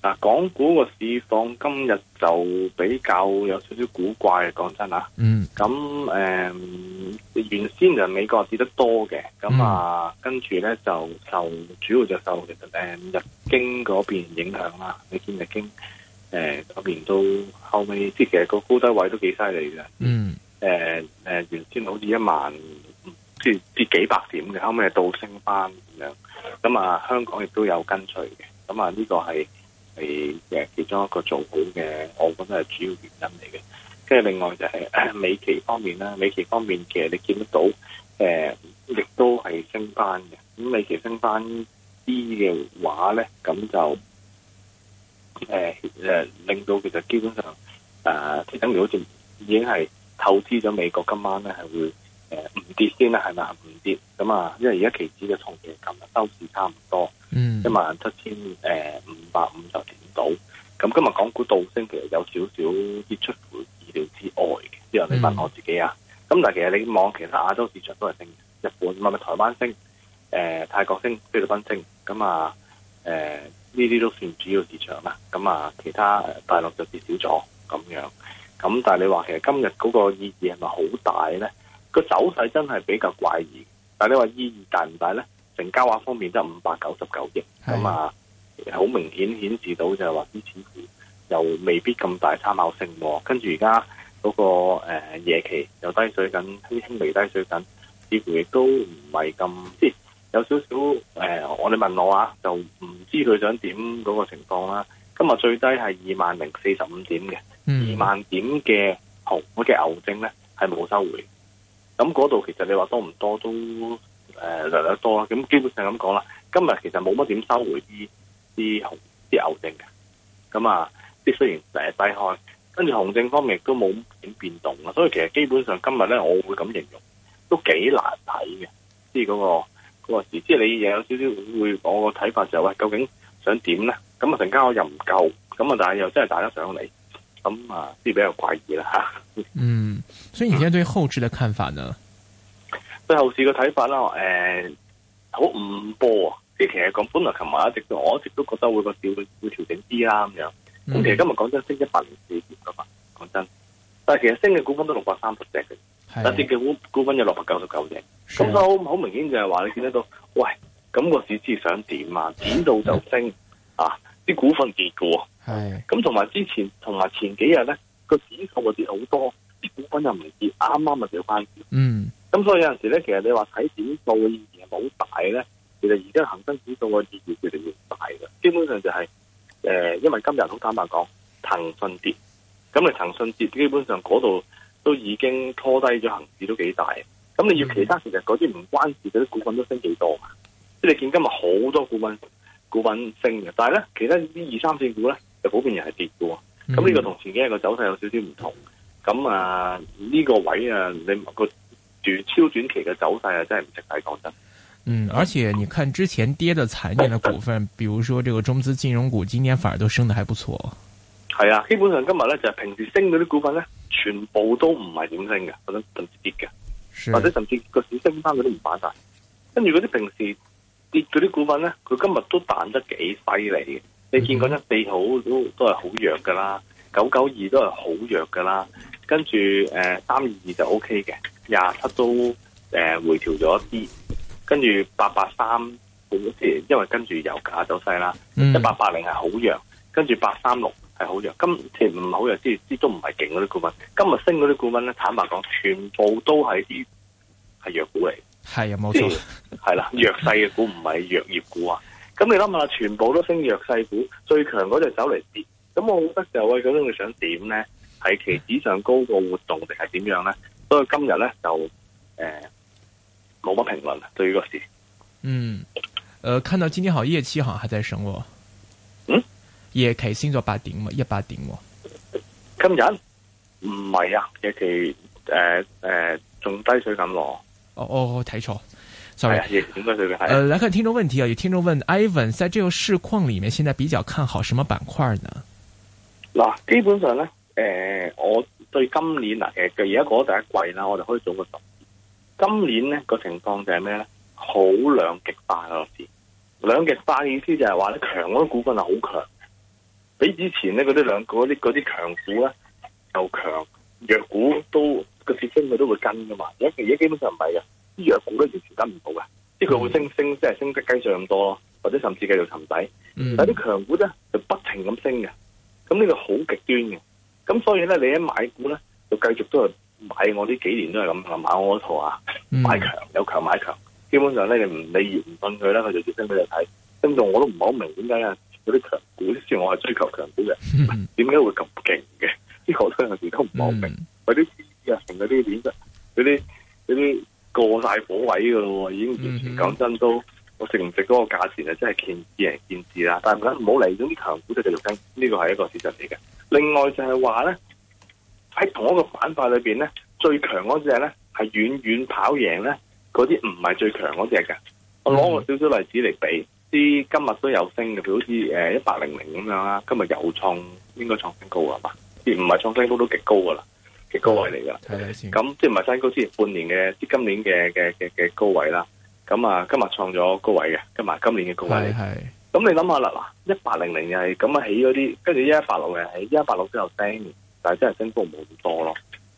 嗱，港股個市況今日就比較有少少古怪，講真吓。嗯、mm.。咁、呃、誒，原先誒美國跌得多嘅，咁啊，mm. 跟住咧就受主要就是受、呃、其實誒日經嗰邊影響啦。你見日經誒嗰邊都後尾，即係其實個高低位都幾犀利嘅。嗯、mm. 呃。誒、呃、誒，原先好似一萬即係跌幾百點嘅，後尾係倒升翻咁樣。咁啊，香港亦都有跟隨嘅。咁啊，呢、這個係。係嘅其中一個做股嘅，我覺得係主要原因嚟嘅。跟住另外就係、是呃、美期方面啦，美期方面其實你見得到，誒、呃，亦都係升翻嘅。咁、呃、美期升翻啲嘅話咧，咁就誒誒、呃呃、令到其實基本上誒，等如好似已經係透支咗美國今晚咧係會。誒，唔、呃、跌先啦，係咪唔跌？咁啊，因為而家期指嘅同嘅琴日收市差唔多，嗯，一萬七千誒五百五十點到。咁今日港股倒升，其實有少少啲出乎意料之外嘅。之後你問我自己啊，咁、嗯、但係其實你望其實亞洲市場都係升，日本咪咪台灣升，誒、呃、泰國升，菲律賓升，咁啊，誒呢啲都算主要市場啦。咁啊，其他大陸就跌少咗咁樣。咁但係你話其實今日嗰個意義係咪好大咧？個走勢真係比較怪異，但係你話意義大唔大咧？成交額方面都五百九十九億，咁啊好明顯顯示到就係話啲指數又未必咁大參考性，跟住而家嗰個誒、呃、夜期又低水緊，輕微低水緊，似乎亦都唔係咁即有少少誒。我、呃、哋問我啊，就唔知佢想點嗰個情況啦。今日最低係二萬零四十五點嘅，二萬、嗯、點嘅紅，嗰隻牛精咧係冇收回。咁嗰度其實你話多唔多都誒、呃、略略多啦，咁基本上咁講啦。今日其實冇乜點收回啲啲紅啲牛證嘅，咁啊即雖然成日低開，跟住熊證方面都冇點變動啊，所以其實基本上今日咧，我會咁形容都幾難睇嘅，即係嗰個嗰、那個、時。即係你有少少會我個睇法就係、是、喂，究竟想點咧？咁啊陣間我又唔夠，咁啊但係又真係大家上嚟。咁啊，即係比較怪異啦吓。嗯，所以而家在對後市嘅看法呢？嗯、在對後市嘅睇法啦，誒、嗯，好五波啊！其實講本來琴日一直，我一直都覺得會個調會調整啲啦咁樣。咁其實今日講真升一百零四點噶嘛，講真，但係其實升嘅股份都六百三十隻嘅，啊、但係跌嘅股股份有六百九十九隻。咁、啊、就好明顯就係話你見得到，喂、咁、那個市市想點啊？點到就升啊！啲、啊、股份跌嘅、啊。係咁，同埋、嗯、之前，同埋前幾日咧，個指數嘅跌好多，啲股份又唔跌，啱啱咪就跌翻。嗯，咁所以有陣時咧，其實你話睇指數嘅意義係冇大咧，其實而家恒生指數嘅意義越嚟越大嘅。基本上就係、是、誒、呃，因為今日好坦白講，騰訊跌，咁啊騰訊跌，基本上嗰度都已經拖低咗恒指都幾大。咁你要其他，其實嗰啲唔關事嘅啲股份都升幾多，即係你見今日好多股份股份升嘅，但係咧，其他啲二三綫股咧。普遍又係跌嘅，咁、這、呢個同前幾日嘅走勢有少少唔同。咁啊呢個位啊，你個短超短期嘅走勢啊，真係唔值睇，講真。嗯，而且你看之前跌嘅殘年嘅股份，比如說這個中資金融股，今年反而都升得還不錯。係啊，基本上今日咧就係平時升嗰啲股份咧，全部都唔係點升嘅，的是或者甚至跌嘅，或者甚至個市升翻嗰啲都唔反彈。跟住嗰啲平時跌嗰啲股份咧，佢今日都彈得幾犀利嘅。你見嗰一四號都都係好弱噶啦，九九二都係好弱噶啦，跟住誒三二二就 OK 嘅，廿七都誒、呃、回調咗一啲，跟住八八三好似因為跟住油價走勢啦，一八八零係好弱，跟住八三六係好弱，今次唔係好弱，之啲都唔係勁嗰啲股份，今日升嗰啲股份咧，坦白講全部都係啲係弱股嚟，係有冇錯？係啦，弱勢嘅股唔係藥業股啊。咁你諗下，全部都升弱勢股，最強嗰隻走嚟跌，咁我時候會覺得就喂覺得佢想點咧？係期指上高個活動定係點樣咧？所以今日咧就誒冇乜評論對個事。嗯，誒、呃，看到今天好夜期，好像還在升喎。嗯，夜期升咗八點嘛，一百點。點今日唔係啊，夜期誒誒仲低水咁喎、哦。哦哦，睇錯。點解隨便係？誒 Sorry,、呃，呃、來看聽眾問題啊！有聽眾問，Ivan，在這個市況裏面，現在比較看好什麼板塊呢？嗱，基本上咧，誒、呃，我對今年嗱，誒、呃，而家嗰第一季啦，我哋可以做個總結。今年咧個情況就係咩咧？好兩極化咯，變兩極化嘅意思就係話咧，強嗰啲股份係好強，比之前呢嗰啲兩啲嗰啲強股咧又強，弱股都個氣氛佢都會跟噶嘛，而家基本上唔係噶。啲弱股咧完全得唔到嘅，即係佢會升升，即係升得雞上咁多咯，或者甚至繼續沉底。但係啲強股咧就不停咁升嘅，咁呢個好極端嘅。咁所以咧，你一買股咧，就繼續都係買我呢幾年都係咁買我嗰套啊，買強有強買強。基本上咧，你唔你越唔信佢咧，佢就越升俾你睇。跟住我都唔好明點解啊，嗰啲強股，雖然我係追求強股嘅，點解 會咁勁嘅？啲好都有時都唔好明，啲啲點啲嗰啲。過晒火位噶咯，已經完全講真的、嗯、哼都，我值唔值嗰個價錢啊，真係見仁見智啦。但係唔好唔好嚟咗啲強股度就繼續跟，呢個係一個事實嚟嘅。另外就係話咧，喺同一個板塊裏邊咧，最強嗰隻咧係遠遠跑贏咧嗰啲唔係最強嗰隻嘅。嗯、哼我攞個少少例子嚟比，啲今日都有升嘅，譬如好似誒一百零零咁樣啦，今日有創應該創新高係嘛？而唔係創新高都極高噶啦嘅高位嚟噶，咁、嗯、即係唔係新高？之前半年嘅，即今年嘅嘅嘅嘅高位啦。咁啊，今日創咗高位嘅，跟埋今年嘅高位嚟。咁你諗下啦，嗱，一八零零又係咁啊，起嗰啲，跟住一八六零，一八六之後有升，但係真係升幅冇咁多咯。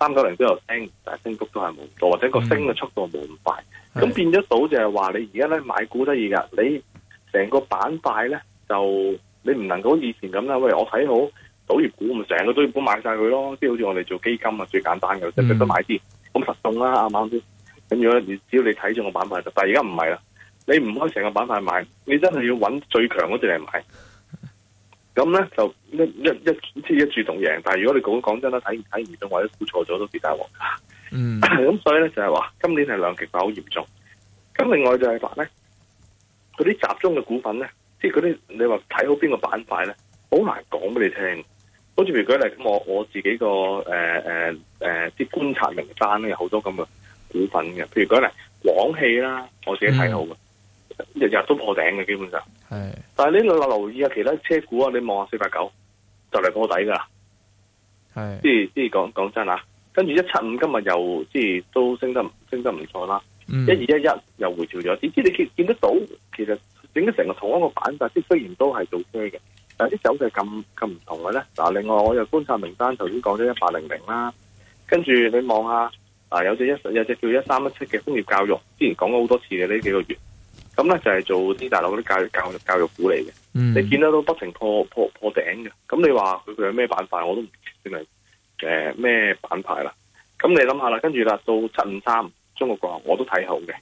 三九零之後有升，但係升幅都係冇咁多，或者個升嘅速度冇咁快。咁、嗯、變咗到就係話，你而家咧買股得意噶，你成個板塊咧就你唔能夠以前咁啦。喂，我睇好。賭業股，咪成個都業股買晒佢咯，即係好似我哋做基金啊，最簡單嘅，即係得買啲咁實動啦，啱啱先？咁如果你只要你睇住個板塊就，但係而家唔係啦，你唔可以成個板塊買，你真係要揾最強嗰隻嚟買。咁咧就一一一即一注同贏，但係如果你講講真啦，睇睇唔準或者估錯咗都幾大鑊噶。嗯，咁、mm. 所以咧就係話，今年係兩極化好嚴重。咁另外就係話咧，嗰啲集中嘅股份咧，即係嗰啲你話睇好邊個板塊咧，好難講俾你聽。好似譬如舉例咁，我我自己個誒誒誒，啲、呃呃、觀察名單咧有好多咁嘅股份嘅。譬如舉例，廣汽啦，我自己睇好嘅，日日、嗯、都破頂嘅，基本上。係。是 但係你留留意下其他車股啊，你望下四八九，就嚟破底噶啦。係是。即係即係講講真啊，跟住一七五今日又即係都升得升得唔錯啦。一二一一又回調咗，點知你見見得到？其實整啲成個同一個板但即雖然都係做車嘅。嗱，啲手就咁咁唔同嘅咧。嗱，另外我又觀察名單，頭先講咗一八零零啦，跟住你望下，嗱有隻一有隻叫一三一七嘅楓葉教育，之前講咗好多次嘅呢幾個月，咁咧就係做啲大陸嗰啲教育教育教育股嚟嘅。你見得到都不停破破破頂嘅，咁你話佢佢有咩板塊，我都唔知係誒咩板塊啦。咁、呃、你諗下啦，跟住啦到七五三中國國航，我都睇好嘅。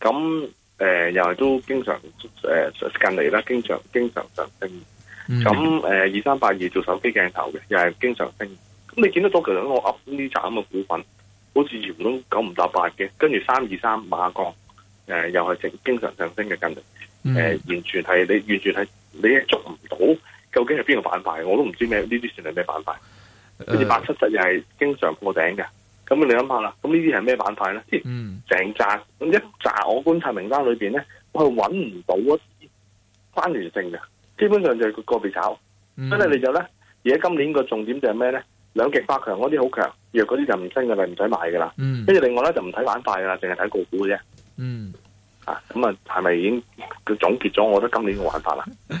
咁誒又係都經常誒、呃、近嚟啦經常經常常並。咁誒，二三八二做手機鏡頭嘅，又係經常升。咁你見得多，其實我押呢扎咁嘅股份，好似全部都九唔搭八嘅，跟住三二三馬鋼，誒、呃、又係經常上升嘅勁。誒、嗯呃，完全係你完全係你捉唔到，究竟係邊個板塊，我都唔知咩呢啲算係咩板塊。跟住八七七又係經常破頂嘅，咁你諗下啦，咁呢啲係咩板塊咧？即係成紮一紮，我觀察名單裏邊咧，我係搵唔到一啲關聯性嘅。基本上就係個別炒，所以咧你就咧，而家今年個重點就係咩咧？兩極化強嗰啲好強，弱嗰啲就唔升嘅咪唔使買噶啦。跟住，嗯、另外咧就唔睇板塊噶啦，淨係睇個股嘅啫。嗯，啊，咁啊係咪已經佢總結咗？我覺得今年嘅玩法啦。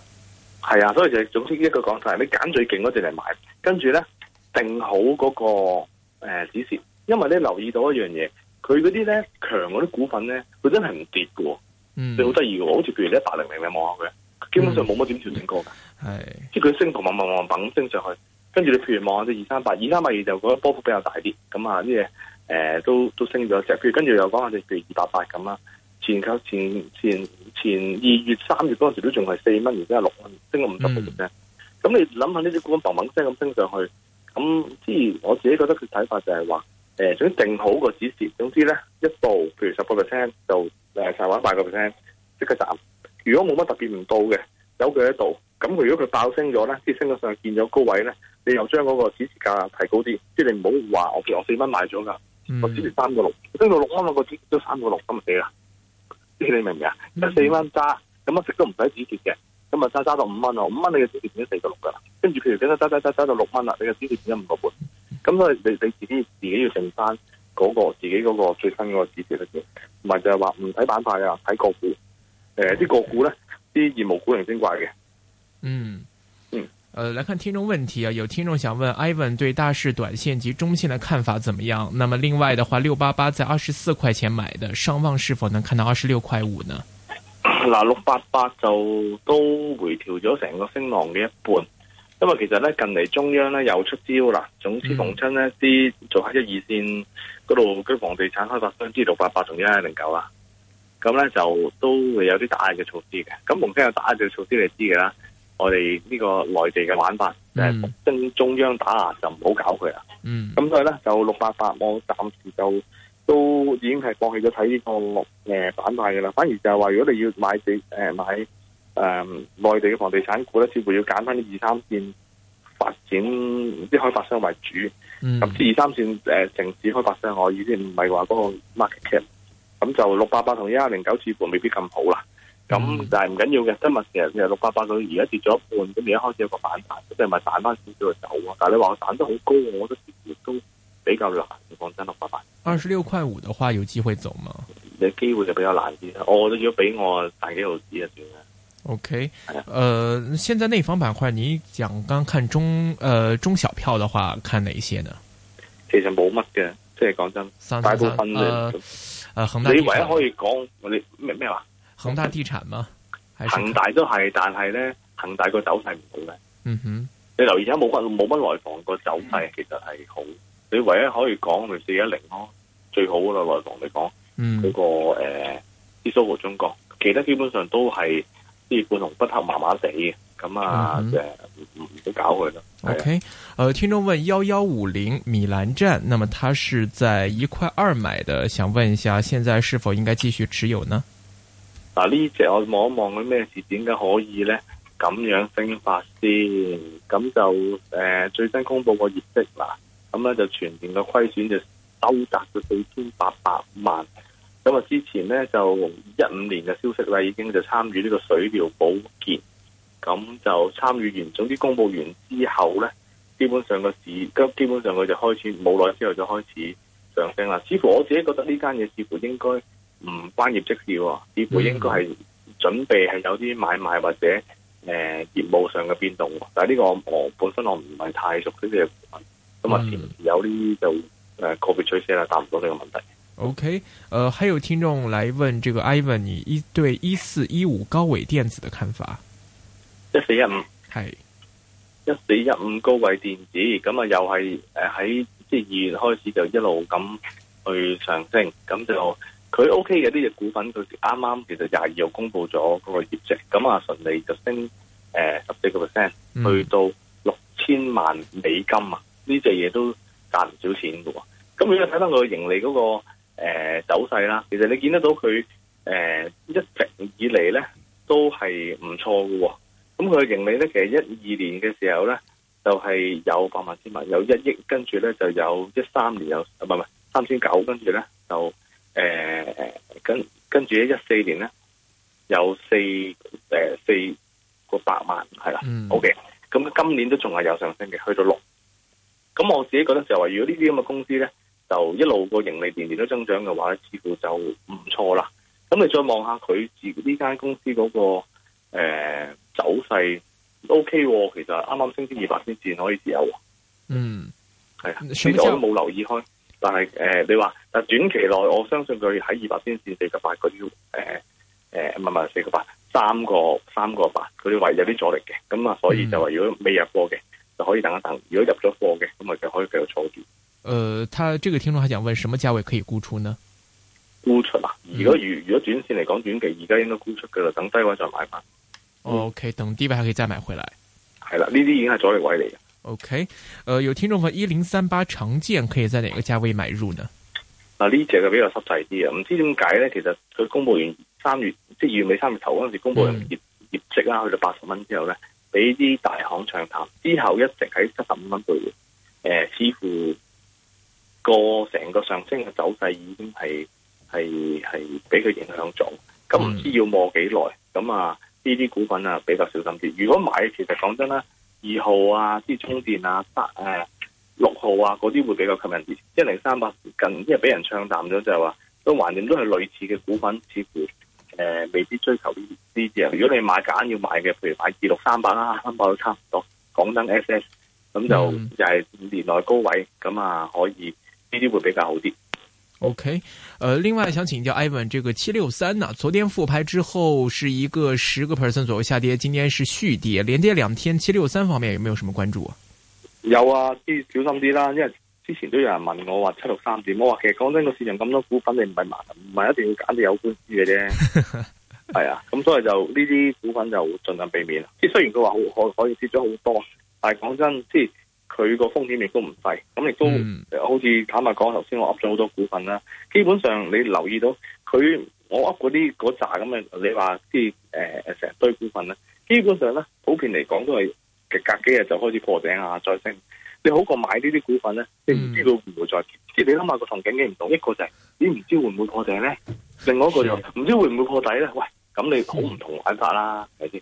係啊，所以就係總之一句講晒，你揀最勁嗰隻嚟買，跟住咧定好嗰、那個誒、呃、指示，因為你留意到一樣嘢，佢嗰啲咧強嗰啲股份咧，佢真係唔跌嘅，你好得意嘅，好似譬如一百零零你望下佢，基本上冇乜點調整過嘅，係、嗯，即係佢升同猛猛猛猛升上去，跟住你譬如望下隻二三八，二三八二就覺得波幅比較大啲，咁啊啲嘢誒都都升咗成，跟住跟住又講下隻譬如二八八咁啦，漸級漸漸。前二月，月的、三月嗰時都仲係四蚊，而家係六蚊，升咗五十個 percent。咁、mm hmm. 你諗下呢啲股猛猛聲咁升上去，咁即係我自己覺得佢睇法，就係話，誒，總之定好個指示，總之咧，一度，譬如十個 percent 就誒，就玩八個 percent，即刻斬。如果冇乜特別唔到嘅，有佢喺度，咁如果佢爆升咗咧，即係升到上見咗高位咧，你又將嗰個指示價提高啲，即係你唔好話我跌我四蚊買咗噶，我指住三個六，hmm. 升到六蚊，我、個指都三個六，咁就死啦。你明唔明啊？四蚊揸，咁啊食都唔使止蝕嘅，咁啊揸揸到五蚊哦，五蚊你嘅止蝕變咗四個六噶啦，跟住譬如佢得揸揸揸到六蚊啦，你嘅止蝕變咗五個半，咁所以你你自己、那個、自己要剩翻嗰個自己嗰個最新嗰個止蝕嘅嘢，同埋就係話唔睇板塊啊，睇個股，誒、呃、啲個股咧啲業務古靈精怪嘅，嗯。呃，來看聽眾問題啊，有聽眾想問，Ivan 對大市短線及中線的看法怎麼樣？那麼另外的話，六八八在二十四塊錢買的，上望是否能看到二十六塊五呢？嗱，呃，六八八就都回調咗成個升浪嘅一半，因為其實咧近嚟中央咧又出招啦，總之逢親呢啲，嗯、做下一二線嗰度嘅房地產開發商，知六八八同一零九啦，咁呢就都會有啲打壓嘅措施嘅，咁逢親有打壓嘅措施你知嘅啦。我哋呢個內地嘅玩法，誒、嗯，跟中央打壓就唔好搞佢啦。咁所以咧，就六八八，嗯，我暫時就都已經係放棄咗睇呢個六誒板塊噶啦。反而就係話，如果你要買地，誒、呃、買誒、呃、內地嘅房地產股咧，似乎要揀翻啲二三線發展啲開發商為主。咁啲二三線誒、呃、城市開發商我，我已經唔係話嗰個 market cap，咁、嗯、就六八八同一一零九，似乎未必咁好啦。咁、嗯、但係唔緊要嘅，今日成成六八八到，而家跌咗一半，咁而家開始有個反彈，即係咪彈翻少少就走啊？但係你話我彈得好高，我覺得跌亦都比較難。講真，六八八。二十六塊五嘅話，有機會走嗎？你機會就比較難啲啦，我都要俾我大幾毫子啊，算啦。OK，誒、呃，現在內房板塊，你講剛看中誒、呃、中小票嘅話，看哪一些呢？其實冇乜嘅，即係講真，三三大部分嘅。你唯一可以講，你咩咩話？恒大地產嗎？恒大都係，但係咧，恒大個走勢唔好咧。嗯哼，你留意下，冇？乜冇乜內房個走勢其實係好。你唯一可以講咪四一零咯，最好啦內房嚟講。嗯、那個，嗰個誒 SOHO 中國，其他基本上都係啲半紅不黑，麻麻地嘅咁啊，誒唔唔好搞佢啦。OK，誒是、呃，聽眾問幺幺五零米蘭站，那麼他是在一塊二買的，想問一下，現在是否應該繼續持有呢？嗱呢隻我望一望佢咩事，點解可以咧？咁樣升法先，咁就誒、呃、最新公布個業績啦，咁咧就全年嘅虧損就收窄到四千八百萬。咁啊之前咧就一五年嘅消息啦，已經就參與呢個水療保健，咁就參與完，總之公布完之後咧，基本上個市，基本上佢就開始冇耐之後就開始上升啦。似乎我自己覺得呢間嘢似乎應該。唔關職業績事喎，似乎應該係準備係有啲買賣或者誒、呃、業務上嘅變動。但係呢個我本身我唔係太熟呢啲嘅，咁啊前有啲就誒個別趨勢啦，答唔到呢個問題。O K，誒，還有聽眾來問，這個 Ivan 你一對一四一五高偉電子的看法？一四一五係一四一五高偉電子，咁啊又係誒喺即係二月開始就一路咁去上升，咁就。佢 O K 嘅呢隻股份，佢啱啱其實廿二號公布咗嗰個業績，咁啊順利就升誒十四個 percent 去到六千萬美金啊！呢隻嘢都賺唔少錢㗎喎。咁、嗯嗯、如果睇翻佢嘅盈利嗰、那個、呃、走勢啦，其實你見得到佢誒、呃、一直以嚟咧都係唔錯㗎喎。咁佢嘅盈利咧，其實一二年嘅時候咧就係、是、有百萬千萬，有一億，跟住咧就有一三年有唔係唔係三千九，呃、3, 9, 跟住咧就。誒、呃，跟跟住咧，一四年咧有四誒四個百萬係啦，O K。咁、嗯 okay，今年都仲係有上升嘅，去到六。咁我自己覺得就話，如果呢啲咁嘅公司咧，就一路個盈利年年都增長嘅話，似乎就唔錯啦。咁你再望下佢自呢間公司嗰、那個誒、呃、走勢，O、okay、K。其實啱啱升至二百先至可以持有，嗯，係啊的，其實我都冇留意開。但係誒、呃，你話但短期內我相信佢喺二百先至四十八個 U 誒誒，唔係唔係四個八，三個三個八，佢話有啲阻力嘅，咁啊，所以就話如果未入貨嘅，就可以等一等；如果入咗貨嘅，咁啊就可以繼續坐住。誒、呃，他這個聽眾還想問，什麼價位可以沽出呢？沽出啊？如果如如果短線嚟講，短期而家應該沽出佢就等低位再買翻。嗯哦、o、okay, K，等低位還可以再買回來。係啦，呢啲已經係阻力位嚟嘅。OK，誒、呃，有聽眾問一零三八長建可以在哪個價位買入呢？啊呢隻就比較濕滯啲啊，唔知點解呢？其實佢公布完三月即係二月尾三月頭嗰陣時公布完業業績啦，去到八十蚊之後呢，俾啲大行唱淡之後一直喺七十五蚊徘徊，誒、呃，似乎個成個上升嘅走勢已經係係係俾佢影響咗，咁唔、嗯、知要磨幾耐？咁啊呢啲股份啊比較小心啲。如果買，其實講真啦。二號啊，啲充電啊，八誒六號啊，嗰啲會比較吸引啲。一零三八近即係俾人唱淡咗，就話都還掂，都係類似嘅股份，似乎誒、呃、未必追求呢啲嘢。如果你買揀要買嘅，譬如買二六三八啦，三八都差唔多，講緊 S S，咁就又係五年內高位，咁啊可以呢啲會比較好啲。OK，、呃、另外想請教 Ivan，這個七六三呢？昨天復牌之後是一個十個 percent 左右下跌，今天是續跌，連跌兩天。七六三方面有沒有什麼關注啊？有啊，啲小心啲啦，因為之前都有人問我話七六三點，我話其實講真個市場咁多股份，你唔係唔係一定要揀啲有官司嘅啫，係 啊，咁所以就呢啲股份就盡量避免。即雖然佢話可可以跌咗好多，但係講真，即係。佢個風險亦都唔細，咁亦都好似坦白講，頭先我噏咗好多股份啦。基本上你留意到，佢我噏嗰啲嗰扎咁樣，你話啲誒成堆股份咧，基本上咧普遍嚟講都係隔幾日就開始破頂啊，再升。你好過買呢啲股份咧，你唔知道會唔會再跌。即係、嗯、你諗下個同景嘅唔同，一個就係、是、你唔知會唔會破頂咧，另外一個就唔、是、知會唔會破底咧。喂，咁你好唔同玩法啦，係咪先？